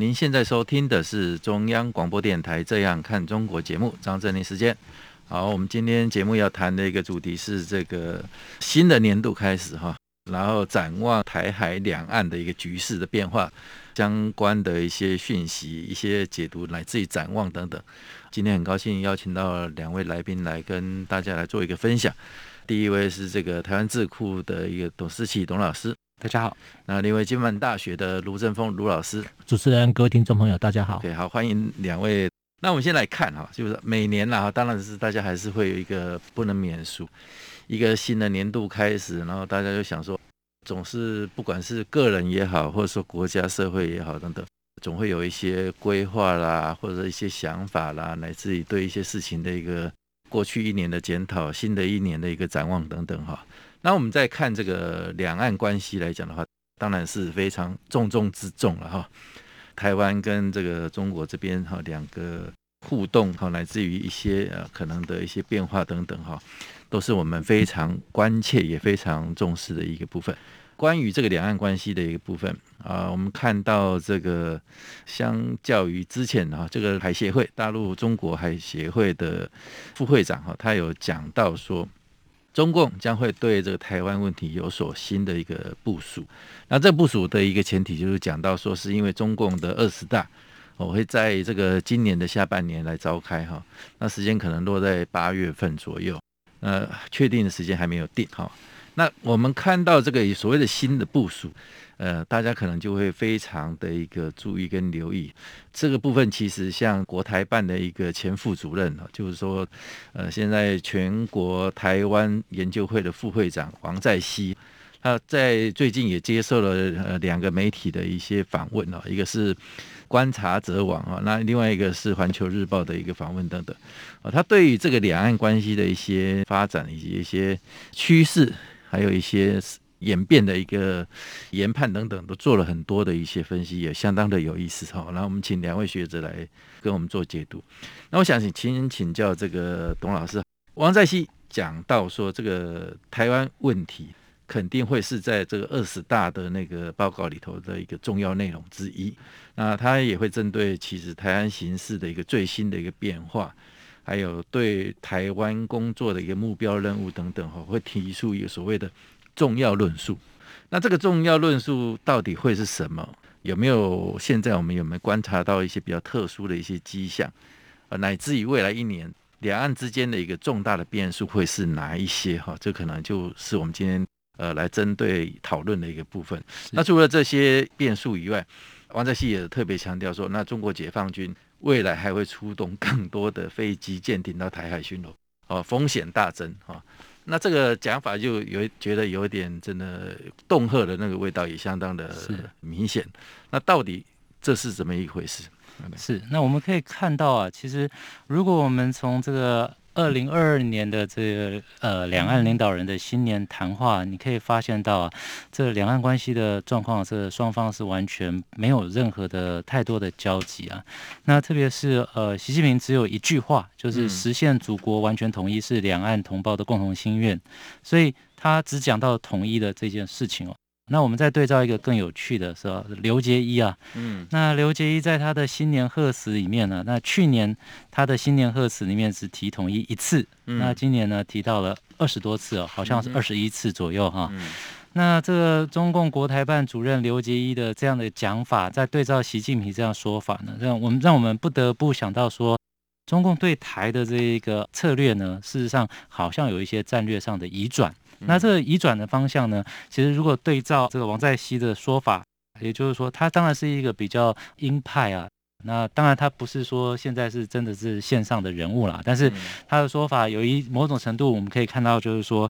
您現在收聽的是中央廣播電臺《這樣看中國》節目，張正霖時間。好，我們今天節目要談的一個主題是這個新的年度開始哈，然後展望台海兩岸的一個局勢的變化，相關的一些訊息、一些解讀，來自於展望等等。今天很高興邀請到兩位來賓來跟大家來做一個分享。第一位是這個台灣智庫的一個董思齊董老師。大家好，那另外金門大學的盧政鋒盧老師，主持人各位聽眾朋友，大家好，對，好歡迎兩位。那我們先來看哈，就是每年呢哈，當然是大家還是會有一個不能免俗，一個新的年度開始，然後大家就想說，總是不管是個人也好，或者說國家社會也好等等，總會有一些規劃啦，或者一些想法啦，乃至於對一些事情的一個過去一年的檢討，新的一年的一個展望等等哈。那我們再看這個兩岸關係來講的話，當然是非常重中之重了哈。台灣跟這個中國這邊哈兩個互動哈，乃至於一些呃可能的一些變化等等哈，都是我們非常關切也非常重視的一個部分。關於這個兩岸關係的一個部分啊，我們看到這個相較於之前哈，這個海協會大陸中國海協會的副會長哈，他有講到說。中共將會對這個台灣問題有所新的一個部署，那這部署的一個前提就是講到說，是因為中共的二十大，我、哦、會在這個今年的下半年來召開哈、哦，那時間可能落在八月份左右，呃，確定的時間還沒有定哈、哦。那我們看到這個所謂的新的部署。呃，大家可能就會非常的一個注意跟留意這個部分。其實，像國台辦的一個前副主任，就是說，呃，現在全國台灣研究會的副會長王在希，他在最近也接受了呃兩個媒體的一些訪問哦，一個是觀察者網啊，那另外一個是環球日報的一個訪問等等。哦，他對於這個兩岸關係的一些發展以及一些趨勢，還有一些。演變的一個研判等等，都做了很多的一些分析，也相當的有意思哈。然後我們請兩位學者來跟我們做解讀。那我想請請請教這個董老師，王在希講到說，這個台灣問題肯定會是在這個二十大的那個報告裡頭的一個重要內容之一。那他也會針對其實台灣形勢的一個最新的一個變化，還有對台灣工作的一個目標任務等等哈，會提出一個所謂的。重要論述，那這個重要論述到底會是什麼？有沒有現在我們有沒有觀察到一些比較特殊的一些跡象，呃，乃至於未來一年兩岸之間的一個重大的變數會是哪一些？哈、哦，這可能就是我們今天呃來針對討論的一個部分。是那除了這些變數以外，王澤西也特別強調說，那中國解放軍未來還會出動更多的飛機艦艇到台海巡邏，哦，風險大增哈。哦那這個講法就有覺得有一點真的恫嚇的那個味道，也相當的明顯。是那到底這是怎麼一回事？是，那我們可以看到啊，其實如果我們從這個。二零二二年的這個、呃兩岸領導人的新年談話，你可以發現到啊，這兩岸關係的狀況是，這個、雙方是完全沒有任何的太多的交集啊。那特別是呃習近平只有一句話，就是實現祖國完全統一是兩岸同胞的共同心願，所以他只講到統一的這件事情哦。那我們再對照一個更有趣的是吧，劉結一啊，嗯，那劉結一在他的新年賀詞裡面呢，那去年他的新年賀詞裡面只提統一一次，嗯，那今年呢提到了二十多次哦，好像是二十一次左右哈，嗯，那這個中共國台辦主任劉結一的這樣的講法，在對照習近平這樣說法呢，讓我們讓我們不得不想到說，中共對台的這個策略呢，事實上好像有一些戰略上的移轉。那這個移轉的方向呢？其實如果對照這個王在希的說法，也就是說，他當然是一個比較鷹派啊。那當然他不是說現在是真的是線上的人物啦，但是他的說法有一某種程度，我們可以看到就是說，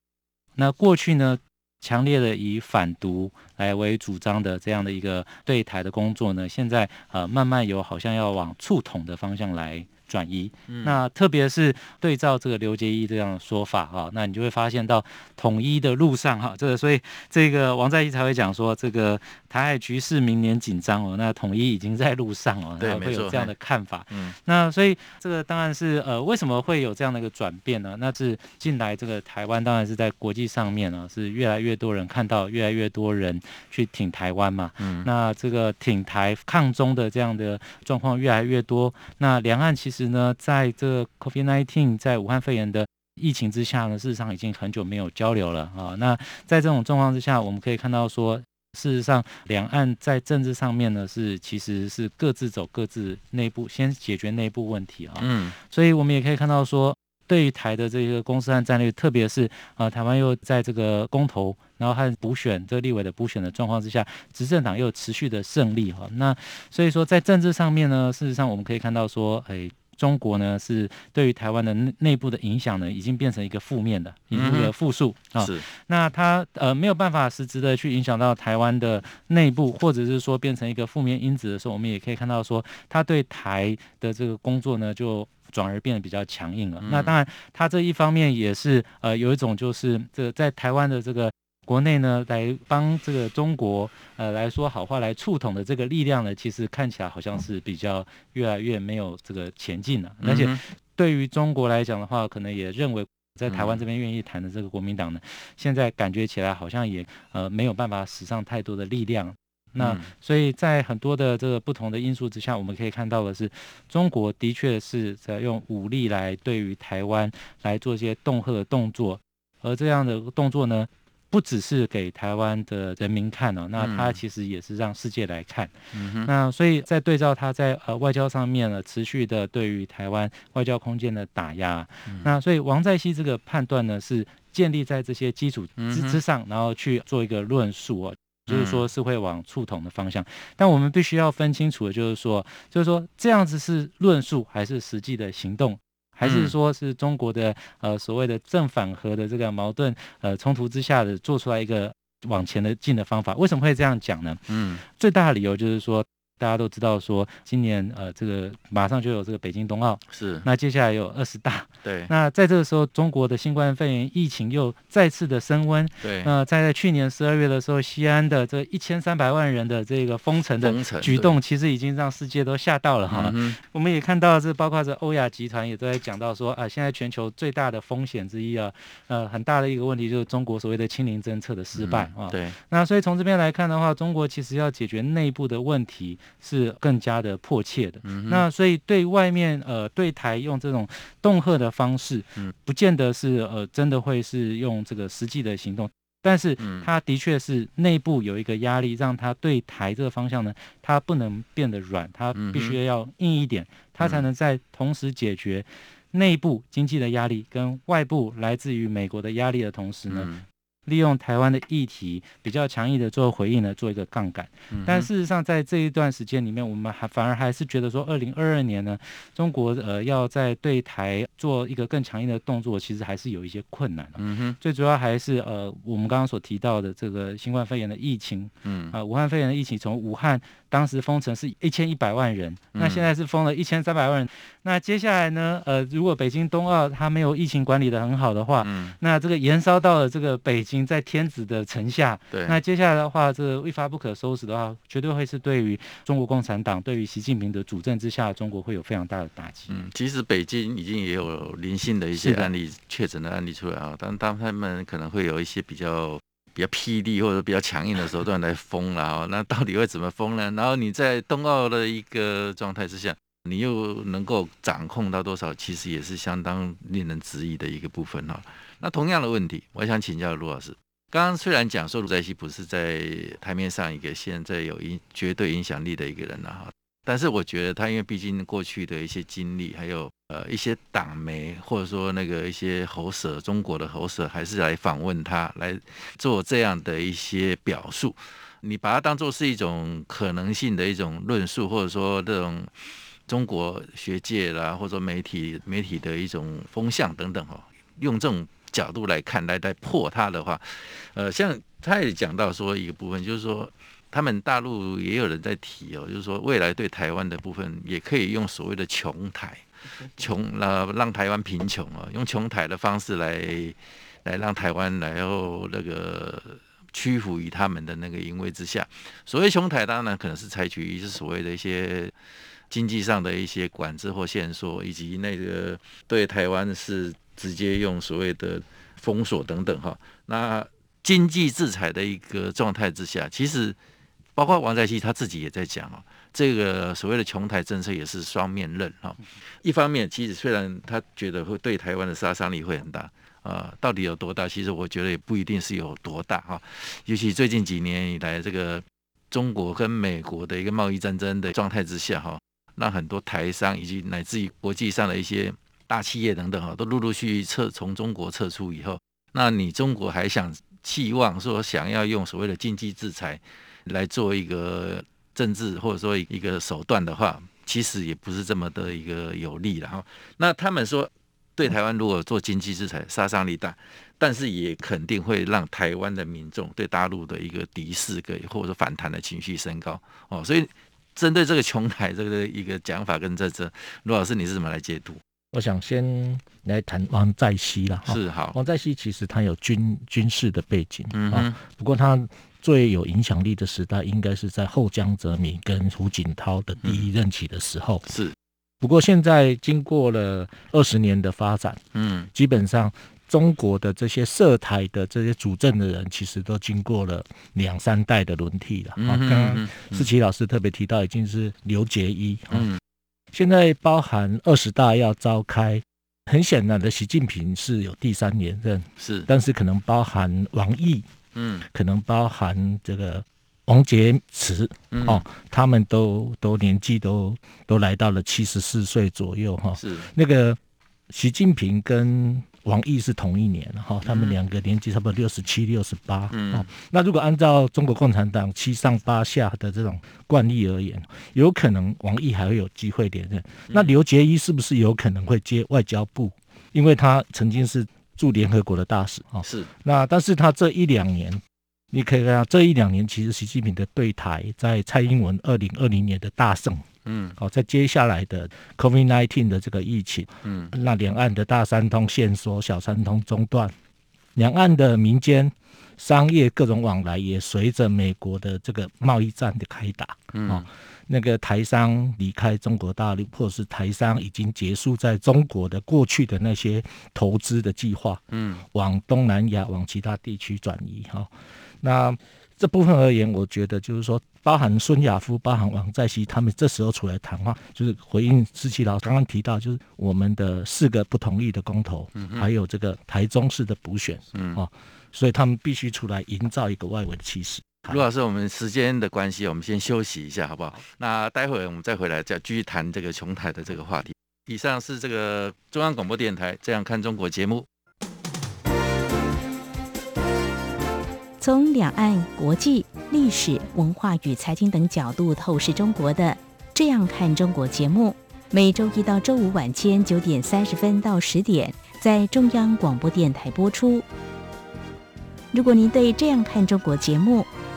那過去呢，強烈的以反獨來為主張的這樣的一個對台的工作呢，現在呃慢慢有好像要往促統的方向來。轉移，嗯、那特別是對照這個劉結一這樣的說法啊、哦，那你就會發現到統一的路上哈、啊，這個所以這個王在一才會講說這個台海局勢明年緊張哦，那統一已經在路上哦，才會有這樣的看法。嗯，那所以這個當然是呃，為什麼會有這樣的一個轉變呢？那是近來這個台灣當然是在國際上面啊，是越來越多人看到，越來越多人去挺台灣嘛。嗯，那這個挺台抗中的這樣的狀況越來越多，那兩岸其實。其實呢，在這 COVID-19，在武漢肺炎的疫情之下呢，事實上已經很久沒有交流了啊、哦。那在這種狀況之下，我們可以看到說，事實上兩岸在政治上面呢，是其實是各自走各自內部，先解決內部問題啊。哦、嗯。所以我們也可以看到說，對於台的這個公司和戰略，特別是啊、呃，台灣又在這個公投，然後還補選這個、立委的補選的狀況之下，執政黨又持續的勝利哈、哦。那所以說，在政治上面呢，事實上我們可以看到說，哎。中國呢，是對於台灣的內部的影響呢，已經變成一個負面的，已經一個負數啊、嗯。是，哦、那他呃沒有辦法實質的去影響到台灣的內部，或者是說變成一個負面因子的時候，我們也可以看到說，他對台的這個工作呢，就轉而變得比較強硬了。嗯、那當然，他這一方面也是呃有一種就是這個、在台灣的這個。國內呢，來幫這個中國呃來說好話來觸統的這個力量呢，其實看起來好像是比較越來越沒有這個前進了。嗯、哼而且對於中國來講的話，可能也認為在台灣這邊願意談的這個國民黨呢，嗯、現在感覺起來好像也呃沒有辦法使上太多的力量。那所以在很多的這個不同的因素之下，我們可以看到的是，中國的確是在用武力來對於台灣來做一些恫嚇的動作，而這樣的動作呢。不只是給台灣的人民看哦，那他其實也是讓世界來看。嗯、哼那所以，在對照他在呃外交上面呢，持續的對於台灣外交空間的打壓。嗯、那所以王在希這個判斷呢，是建立在這些基礎之之上，嗯、哼然後去做一個論述哦，就是說是會往促統的方向。嗯、但我們必須要分清楚的就是說，就是說這樣子是論述還是實際的行動。還是說是中國的呃所謂的正反合的這個矛盾呃衝突之下的做出來一個往前的進的方法？為什麼會這樣講呢？嗯，最大的理由就是說。大家都知道，說今年呃，這個馬上就有這個北京冬奧是，那接下來有二十大對，那在這個時候，中國的新冠肺炎疫情又再次的升溫對，那、呃、在去年十二月的時候，西安的這一千三百萬人的這個封城的舉動，其實已經讓世界都嚇到了哈。我們也看到，這包括這歐亞集團也都在講到說啊、呃，現在全球最大的風險之一啊，呃，很大的一個問題就是中國所謂的清零政策的失敗啊、嗯。對、哦，那所以從這邊來看的話，中國其實要解決內部的問題。是更加的迫切的。那所以對外面呃對台用這種恫嚇的方式，不見得是呃真的會是用這個實際的行動，但是它的確是內部有一個壓力，讓它對台這個方向呢，它不能變得軟，它必須要硬一點，它才能在同時解決內部經濟的壓力跟外部來自於美國的壓力的同時呢。利用台灣的議題比較強硬的做回應呢，做一個槓桿。嗯哼，但事實上，在這一段時間裡面，我們還反而還是覺得說，二零二二年呢，中國呃，要在對台做一個更強硬的動作，其實還是有一些困難的。嗯哼，最主要還是呃我們剛剛所提到的這個新冠肺炎的疫情，嗯、呃、啊，武漢肺炎的疫情從武漢。當時封城是一千一百萬人，那現在是封了一千三百萬人。嗯、那接下來呢？呃，如果北京冬奧它沒有疫情管理得很好的話，嗯、那這個延燒到了這個北京，在天子的城下。對，那接下來的話，這個、一發不可收拾的話，絕對會是對於中國共產黨、對於習近平的主政之下，中國會有非常大的打擊。嗯，其實北京已經也有零星的一些案例是確診的案例出來啊，但當他們可能會有一些比較。比較霹靂或者比較強硬的手段來封了哈，那到底會怎麼封呢？然後你在冬奧的一個狀態之下，你又能夠掌控到多少？其實也是相當令人質疑的一個部分哈。那同樣的問題，我想請教盧老師。剛剛雖然講說盧在西不是在檯面上一個現在有影絕對影響力的一個人了哈。但是我覺得他，因為畢竟過去的一些經歷，還有呃一些黨媒或者說那個一些喉舌，中國的喉舌還是來訪問他，來做這樣的一些表述。你把它當做是一種可能性的一種論述，或者說這種中國學界啦，或者說媒體媒體的一種風向等等哦，用這種角度來看來來破他的話，呃，像他也講到說一個部分，就是說。他們大陸也有人在提哦，就是說未來對台灣的部分也可以用所謂的“窮台”，窮啊，讓台灣貧窮啊，用窮台的方式來來讓台灣來後那個屈服於他們的那個淫威之下。所謂窮台，當然可能是採取一些所謂的一些經濟上的一些管制或限縮，以及那個對台灣是直接用所謂的封鎖等等哈。那經濟制裁的一個狀態之下，其實。包括王在希他自己也在講哦，這個所謂的“窮台政策”也是雙面刃哈、哦。一方面，其實雖然他覺得會對台灣的殺傷力會很大啊、呃，到底有多大？其實我覺得也不一定是有多大哈、哦。尤其最近幾年以來，這個中國跟美國的一個貿易戰爭的狀態之下哈、哦，讓很多台商以及乃至於國際上的一些大企業等等哈、哦，都陸陸續續撤從中國撤出以後，那你中國還想期望說想要用所謂的經濟制裁，來做一個政治或者說一個手段的話，其實也不是這麼的一個有利了哈。那他們說對台灣如果做經濟制裁，殺傷力大，但是也肯定會讓台灣的民眾對大陸的一個敵視跟或者說反彈的情緒升高哦。所以針對這個窮台這個一個講法跟這這，盧老師你是怎麼來解讀？我想先來談王在希了哈。是好，王在希其實他有軍軍事的背景，好嗯嗯哼，不過他。最有影響力的時代，應該是在後江澤民跟胡錦濤的第一任期的時候。是，不過現在經過了二十年的發展，嗯，基本上中國的這些涉台的這些主政的人，其實都經過了兩三代的輪替了。剛剛思齊老師特別提到，已經是劉結一。嗯，現在包含二十大要召開，很顯然的，習近平是有第三連任。是，但是可能包含王毅。嗯，可能包含這個王潔篪哦，嗯、他們都都年紀都都來到了七十四歲左右哈。哦、是那個習近平跟王毅是同一年哈，哦嗯、他們兩個年紀差不多六十七、六十八。嗯，那如果按照中國共產黨七上八下的這種慣例而言，有可能王毅還會有機會連任。嗯、那劉結一是不是有可能會接外交部？因為他曾經是。駐聯合國的大使啊，是、哦、那，但是他這一兩年，你可以看到，這一兩年，其實習近平的對台在蔡英文二零二零年的大勝，嗯，好、哦，在接下來的 COVID nineteen 的這個疫情，嗯，那兩岸的大三通限縮、小三通中斷，兩岸的民間商業各種往來也隨着美國的這個貿易戰的開打，嗯。哦那個台商離開中國大陸，或者是台商已經結束在中國的過去的那些投資的計劃，嗯，往東南亞、往其他地區轉移哈、哦。那這部分而言，我覺得就是說，包含孫亞夫、包含王在希，他們這時候出來談話，就是回應思齊老師剛剛提到，就是我們的四個不同意的公投，還有這個台中市的補選，嗯，啊，所以他們必須出來營造一個外圍的氣勢。盧老師，我們時間的關係，我們先休息一下，好不好？那待會兒我們再回來，再繼續談這個窮台的這個話題。以上是這個中央廣播電台《這樣看中國》節目，從兩岸國際、歷史、文化與財經等角度透視中國的《這樣看中國》節目，每周一到周五晚間九點三十分到十點在中央廣播電台播出。如果您對《這樣看中國》節目，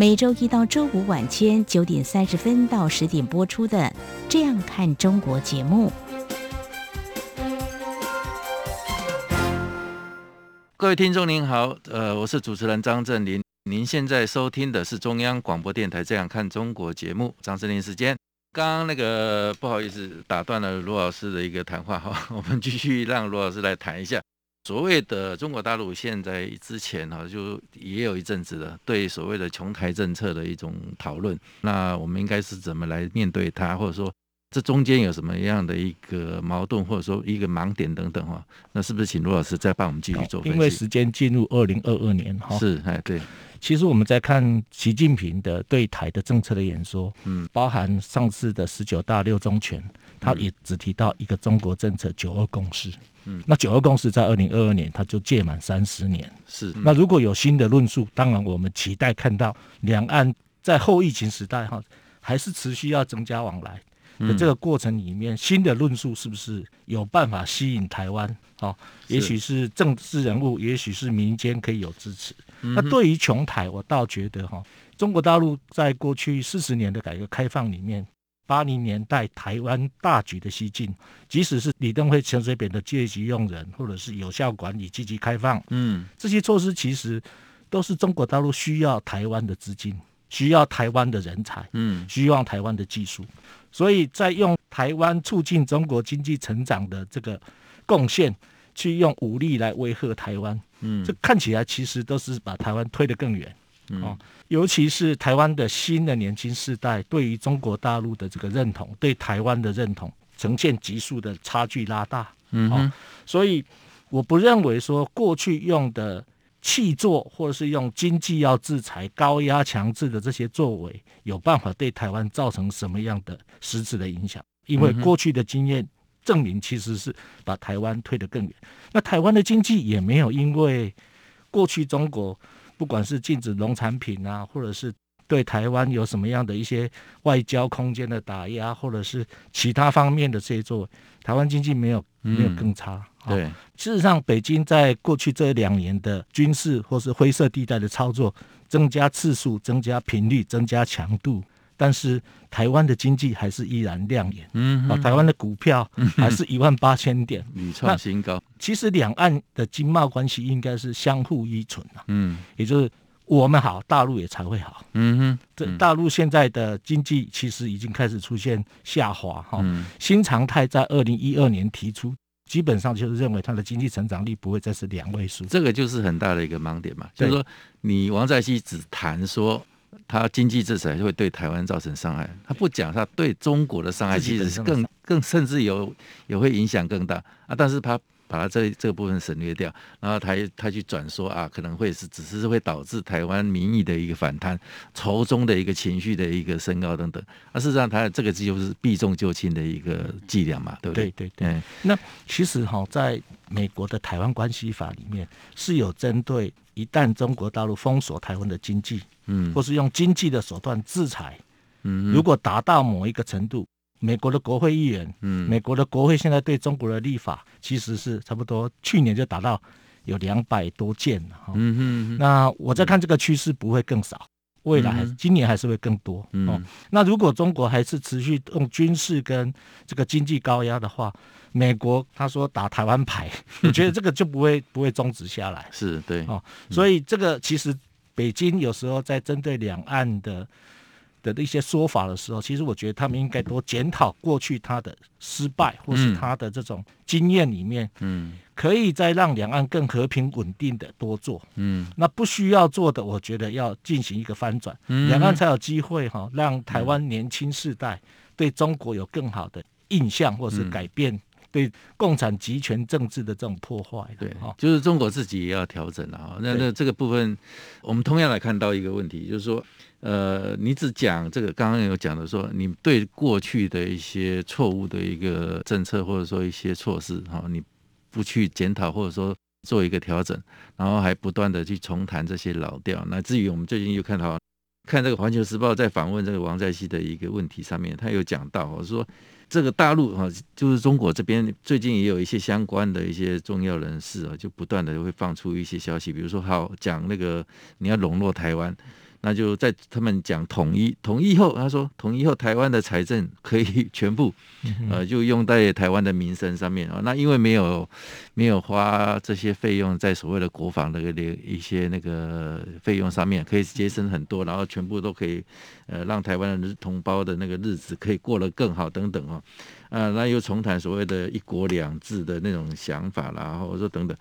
每週一到週五晚間九點三十分到十點播出的《這樣看中國》節目。各位聽眾您好，呃，我是主持人張正霖。您現在收聽的是中央廣播電臺《這樣看中國》節目，張正霖時間。剛剛那個不好意思打斷了盧老師的一個談話哈，我們繼續讓盧老師來談一下。所謂的中國大陸現在之前哈，就也有一陣子的對所謂的“窮台政策”的一種討論。那我們應該是怎麼來面對它，或者說這中間有什麼樣的一個矛盾，或者說一個盲點等等哈？那是不是請盧老師再幫我們繼續做分析？因為時間進入二零二二年哈，是哎對。其實我們在看習近平的對台的政策的演說，嗯，包含上次的十九大六中全，嗯、他也只提到一個中國政策、九二共識，嗯，那九二共識在二零二二年它就屆滿三十年，是。嗯、那如果有新的論述，當然我們期待看到兩岸在後疫情時代哈，還是持續要增加往來。嗯。的這個過程裡面，新的論述是不是有辦法吸引台灣？哦，也許是政治人物，也許是民間可以有支持。嗯、那對於窮台，我倒覺得哈，中國大陸在過去四十年的改革開放裡面，八零年代台灣大局的西進，即使是李登輝、陳水扁的戒急用忍，或者是有效管理、積極開放，嗯，這些措施其實都是中國大陸需要台灣的資金，需要台灣的人才，嗯，需要台灣的技術，嗯、所以在用台灣促進中國經濟成長的這個貢獻，去用武力來威嚇台灣。嗯，這看起來其實都是把台灣推得更遠，哦、嗯，尤其是台灣的新的年輕世代對於中國大陸的這個認同，對台灣的認同呈現急速的差距拉大，嗯哼、哦，所以我不認為說過去用的氣作或者是用經濟要制裁、高壓強制的這些作為，有辦法對台灣造成什麼樣的實質的影響，因為過去的經驗。嗯證明其實是把台灣推得更遠。那台灣的經濟也沒有因為過去中國不管是禁止農產品啊，或者是對台灣有什麼樣的一些外交空間的打壓，或者是其他方面的這些作為，台灣經濟沒有沒有更差。嗯、對、啊，事實上北京在過去這兩年的軍事或是灰色地帶的操作，增加次數、增加頻率、增加強度。但是台灣的經濟還是依然亮眼，嗯哼，台灣的股票還是一萬八千點，屢創、嗯、新高。其實兩岸的經貿關係應該是相互依存，啊、嗯，也就是我們好，大陸也才會好，嗯哼。嗯，這大陸現在的經濟其實已經開始出現下滑，哈、哦，嗯、新常態在二零一二年提出，基本上就是認為它的經濟成長率不會再是兩位數，這個就是很大的一個盲點嘛，就是說你王在希只談說。他經濟制裁就會對台灣造成傷害，他不講他對中國的傷害，其實是更更甚至有有會影響更大啊，但是他。把它這這個、部分省略掉，然後台他，他去轉說啊，可能會是只是會導致台灣民意的一個反彈，仇中的一個情緒的一個升高等等。那、啊、事實上，他這個就是避重就輕的一個伎倆嘛，對不對？對對對。嗯、那其實哈、哦，在美國的台灣關係法裡面是有針對，一旦中國大陸封鎖台灣的經濟，嗯，或是用經濟的手段制裁，嗯，如果達到某一個程度。美國的國會議員，嗯，美國的國會現在對中國的立法其實是差不多，去年就達到有兩百多件了。嗯哼嗯哼，那我在看這個趨勢不會更少，未來、嗯、哼今年還是會更多。嗯、哦，那如果中國還是持續用軍事跟這個經濟高壓的話，美國他說打台灣牌，我覺得這個就不會 不會終止下來。是，對，哦，所以這個其實北京有時候在針對兩岸的。的一些說法的時候，其實我覺得他們應該多檢討過去他的失敗，或是他的這種經驗裡面，嗯，可以再讓兩岸更和平穩定的多做，嗯，那不需要做的，我覺得要進行一個翻轉，兩岸才有機會哈，讓台灣年輕世代對中國有更好的印象或是改變。對共產極權政治的這種破壞，對就是中國自己也要調整啊。那那這個部分，我們同樣來看到一個問題，就是說，呃，你只講這個，剛剛有講的說，你對過去的一些錯誤的一個政策，或者說一些措施，哈，你不去檢討，或者說做一個調整，然後還不斷的去重彈這些老調。那至於我們最近又看到，看這個《環球時報》在訪問這個王在希的一個問題上面，他有講到說。這個大陸啊，就是中國這邊最近也有一些相關的一些重要人士啊，就不斷的會放出一些消息，比如說好講那個你要籠絡台灣。那就在他們講統一，統一後，他說，統一後台灣的財政可以全部，呃，就用在台灣的民生上面啊、哦。那因為沒有沒有花這些費用在所謂的國防的那一些那個費用上面，可以節省很多，然後全部都可以呃讓台灣的同胞的那個日子可以過得更好等等啊。啊、哦呃，那又重談所謂的一國兩制的那種想法啦，或者說等等。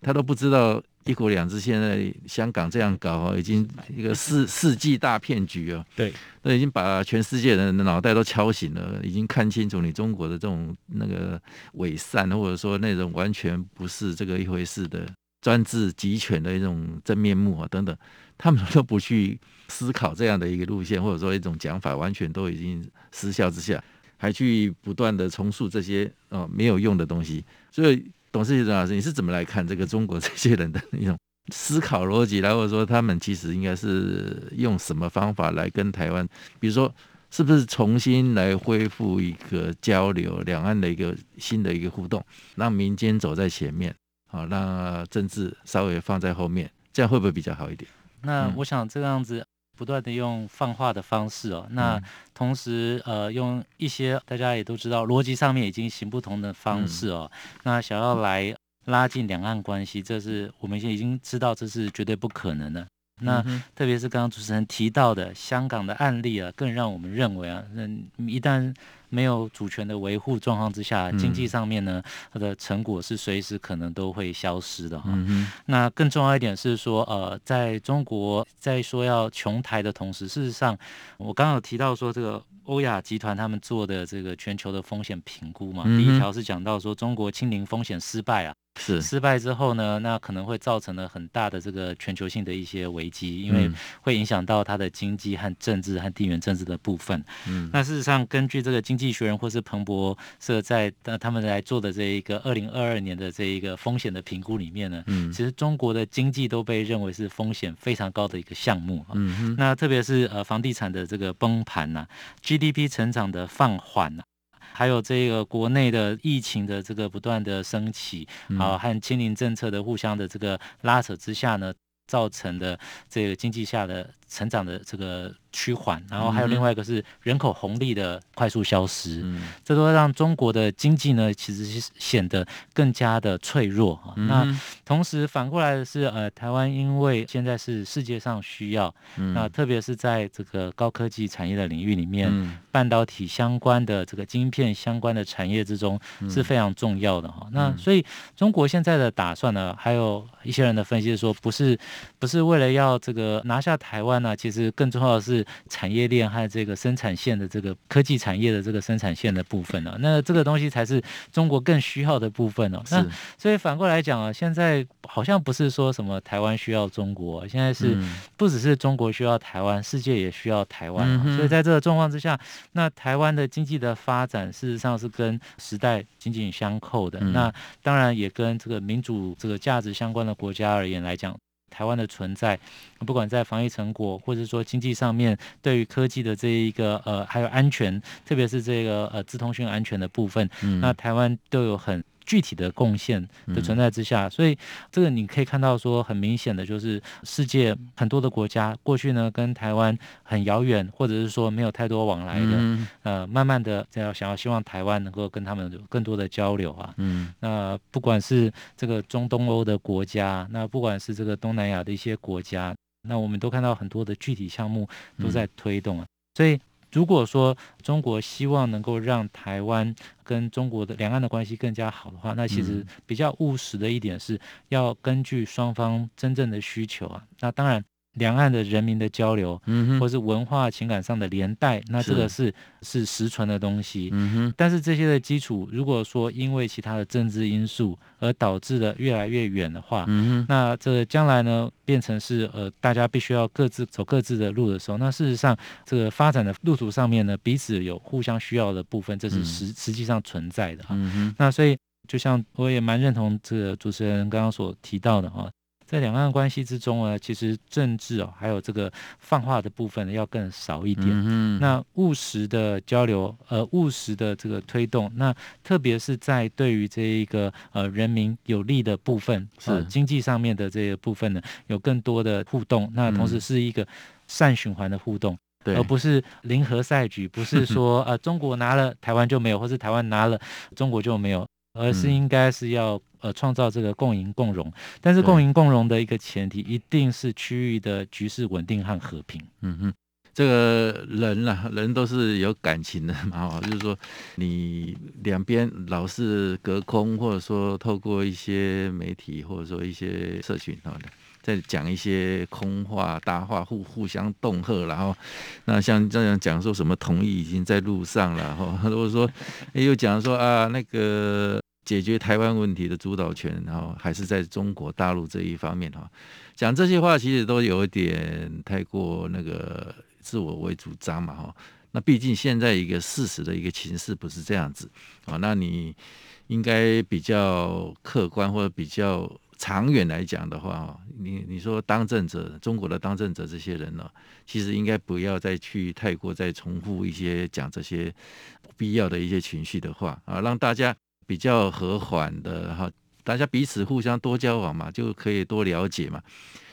他都不知道“一國兩制”現在香港這樣搞，啊，已經一個世世紀大騙局啊！對，那已經把全世界人的腦袋都敲醒了，已經看清楚你中國的這種那個偽善，或者說那種完全不是這個一回事的專制極權的一種真面目啊！等等，他們都不去思考這樣的一個路線，或者說一種講法，完全都已經失效之下，還去不斷的重塑這些啊、呃、沒有用的東西，所以。董思齊老師，你是怎麼來看這個中國這些人的那種思考邏輯？然後說，他們其實應該是用什麼方法來跟台灣，比如說，是不是重新來恢復一個交流，兩岸的一個新的一個互動，讓民間走在前面，好，讓政治稍微放在後面，這樣會不會比較好一點？那我想這個樣子。不斷地用放話的方式哦，那同時呃用一些大家也都知道邏輯上面已經行不通的方式哦，嗯、那想要來拉近兩岸關係，這是我們現在已經知道這是絕對不可能的。那、嗯、哼特別是剛剛主持人提到的香港的案例啊，更讓我們認為啊，那一旦。沒有主權的維護狀況之下，經濟上面呢，它的成果是隨時可能都會消失的哈。嗯、哼那更重要一點是說，呃，在中國在說要窮台的同時，事實上我剛剛有提到說，這個歐亞集團他們做的這個全球的風險評估嘛，嗯、哼第一條是講到說中國清零風險失敗啊，是失敗之後呢，那可能會造成了很大的這個全球性的一些危機，因為會影響到它的經濟和政治和地緣政治的部分。嗯、那事實上根據這個經濟技學人或是彭博社在他們來做的這一個二零二二年的這一個風險的評估裡面呢，嗯，其實中國的經濟都被認為是風險非常高的一個項目啊，嗯哼，那特別是呃房地產的這個崩盤吶啊，GDP 成長的放緩啊，還有這個國內的疫情的這個不斷的升起啊，嗯，和清零政策的互相的這個拉扯之下呢，造成的這個經濟下的成長的這個趨緩，然後還有另外一個是人口紅利的快速消失，嗯、這都讓中國的經濟呢，其實是顯得更加的脆弱、嗯、那同時反過來的是，呃，台灣因為現在是世界上需要，嗯、那特別是在這個高科技產業的領域裡面，嗯、半導體相關的這個晶片相關的產業之中是非常重要的哈。嗯、那所以中國現在的打算呢，還有一些人的分析是說，不是不是為了要這個拿下台灣呢、啊，其實更重要的是。產業鏈和這個生產線的這個科技產業的這個生產線的部分呢、啊，那這個東西才是中國更需要的部分哦、啊。是，所以反過來講啊，現在好像不是說什麼台灣需要中國，現在是不只是中國需要台灣，世界也需要台灣、啊。所以在這個狀況之下，那台灣的經濟的發展，事實上是跟時代緊緊相扣的。那當然也跟這個民主這個價值相關的國家而言來講。台灣的存在，不管在防疫成果，或者說經濟上面，對於科技的這一個呃，還有安全，特別是這個呃，資通訊安全的部分，嗯、那台灣都有很具體的貢獻的存在之下，所以這個你可以看到，說很明顯的就是世界很多的國家過去呢，跟台灣很遙遠，或者是說沒有太多往來的，嗯，呃，慢慢的想要希望台灣能夠跟他們有更多的交流啊。嗯，那不管是這個中東歐的國家，那不管是這個東南亞的一些國家，那我們都看到很多的具體項目都在推動啊，嗯、所以。如果說中國希望能夠讓台灣跟中國的兩岸的關係更加好的話，那其實比較務實的一點是要根據雙方真正的需求啊。那當然。兩岸的人民的交流，嗯，或是文化情感上的連帶，嗯、哼那這個是是，是實存的東西，嗯哼但是這些的基礎，如果說因為其他的政治因素而導致的越來越遠的話，嗯哼那這將來呢變成是呃大家必須要各自走各自的路的時候，那事實上這個發展的路途上面呢，彼此有互相需要的部分，這是實實際上存在的啊，嗯、哼那所以就像我也蠻認同這個主持人剛剛所提到的哈、啊。在兩岸關係之中呢，其實政治哦，還有這個放話的部分呢，要更少一點。嗯、哼那務實的交流，呃，務實的這個推動，那特別是在對於這一個呃人民有利的部分，是、呃、經濟上面的這個部分呢，有更多的互動。那同時是一個善循環的互動，嗯、而不是零和賽局，對不是說呃中國拿了台灣就沒有，或是台灣拿了中國就沒有。而是應該是要呃創造這個共贏共榮，嗯、但是共贏共榮的一個前提，一定是區域的局勢穩定和和平。嗯哼，這個人啦、啊，人都是有感情的嘛，就是說你兩邊老是隔空，或者說透過一些媒體，或者說一些社群啊，在講一些空話大話，互互相恫嚇，然後那像這樣講說什麼統一已經在路上了，或者說又講說啊那個。解決台灣問題的主導權，然後還是在中國大陸這一方面哈。講這些話其實都有一點太過那個自我為主張嘛哈。那畢竟現在一個事實的一個情勢不是這樣子啊。那你應該比較客觀或者比較長遠來講的話，你你說當政者，中國的當政者這些人呢，其實應該不要再去太過再重複一些講這些不必要的一些情緒的話啊，讓大家。比較和緩的哈，大家彼此互相多交往嘛，就可以多了解嘛。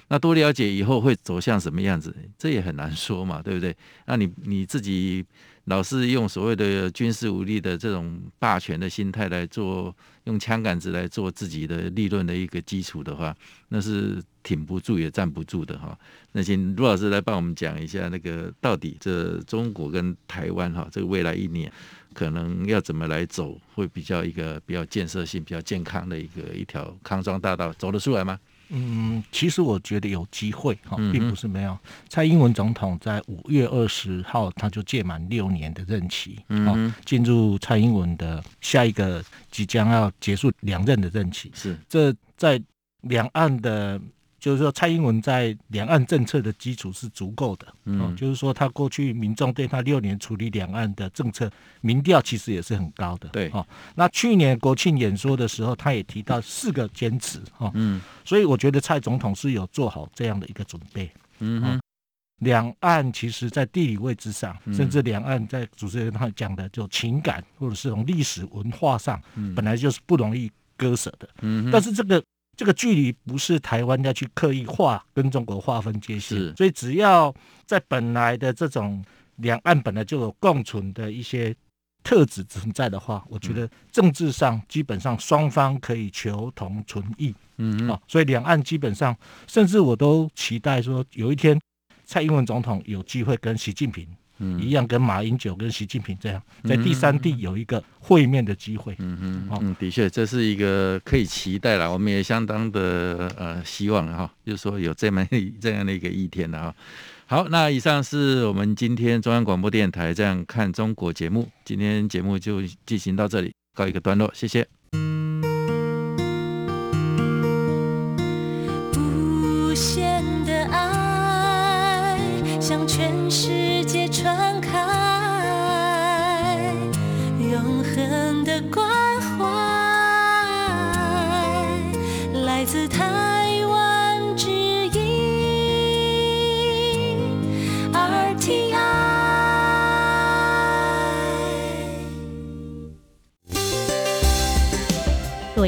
那多了解以後會走向什麼樣子？這也很難說嘛，對不對？那你你自己老是用所謂的軍事武力的這種霸權的心態來做，用槍桿子來做自己的利潤的一個基礎的話，那是挺不住也站不住的哈。那請盧老師來幫我們講一下，那個到底這中國跟台灣哈，這個未來一年。可能要怎麼來走，會比較一個比較建設性、比較健康的一個一條康莊大道，走得出來嗎？嗯，其實我覺得有機會哈，並不是沒有。嗯、哼蔡英文總統在五月二十號，他就屆滿六年的任期，嗯哼進入蔡英文的下一個即將要結束兩任的任期，是這在兩岸的，就是說，蔡英文在兩岸政策的基礎是足夠的，嗯、哦，就是說他過去民眾對他六年處理兩岸的政策民調其實也是很高的，對哈、哦。那去年國慶演說的時候，他也提到四個堅持，哈、哦，嗯，所以我覺得蔡總統是有做好這樣的一個準備，嗯哼、哦，兩岸其實在地理位置上，嗯、甚至兩岸在主持人他講的就情感或者是從歷史文化上，嗯、本來就是不容易割捨的，嗯哼，但是這個。這個距離不是台灣要去刻意劃跟中國劃分界線，是所以只要在本來的這種兩岸本來就有共存的一些特質存在的話，我覺得政治上基本上雙方可以求同存異，嗯哼、哦，所以兩岸基本上，甚至我都期待說有一天蔡英文總統有機會跟習近平。嗯，一樣跟馬英九跟習近平這樣，在第三地有一個會面的機會。嗯嗯，哦，的確，這是一個可以期待啦，我們也相當的呃希望哈、啊，就是說有這麼這樣的一個一天啊。哈。好，那以上是我們今天中央廣播電台這樣看中國節目，今天節目就進行到這裡，告一個段落，謝謝。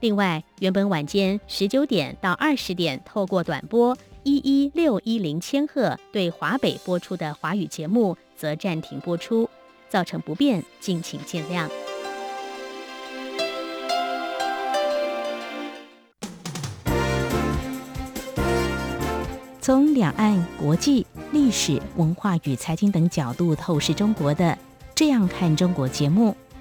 另外，原本晚間十九點到二十點透過短波一一六一零千赫對華北播出的華語節目，則暫停播出，造成不便，敬請見諒。從兩岸、國際、歷史、文化與財經等角度透視中國的《這樣看中國》節目。